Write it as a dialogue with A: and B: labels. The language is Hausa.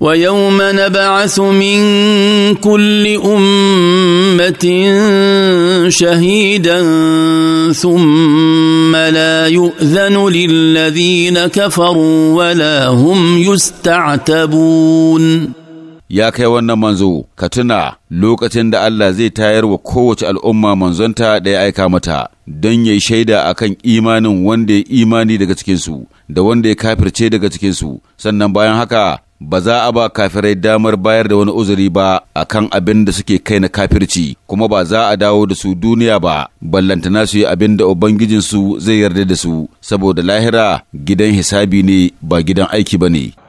A: ويوم نبعث من كل امه شهيدا ثم لا يؤذن للذين كفروا ولا هم يستعتبون
B: ya kai wannan manzo ka tuna lokacin da Allah zai tayar wa kowace al'umma manzonta da ya aika mata don ya yi shaida a kan imanin wanda ya imani daga cikinsu da wanda ya kafirce daga cikinsu sannan bayan haka ba za a ba kafirai damar bayar da wani uzuri ba a kan abin da suke kai na kafirci kuma ba za a dawo da su duniya ba ballantana su yi abin da ubangijinsu zai yarda da su saboda lahira gidan hisabi ne ba gidan aiki ba ne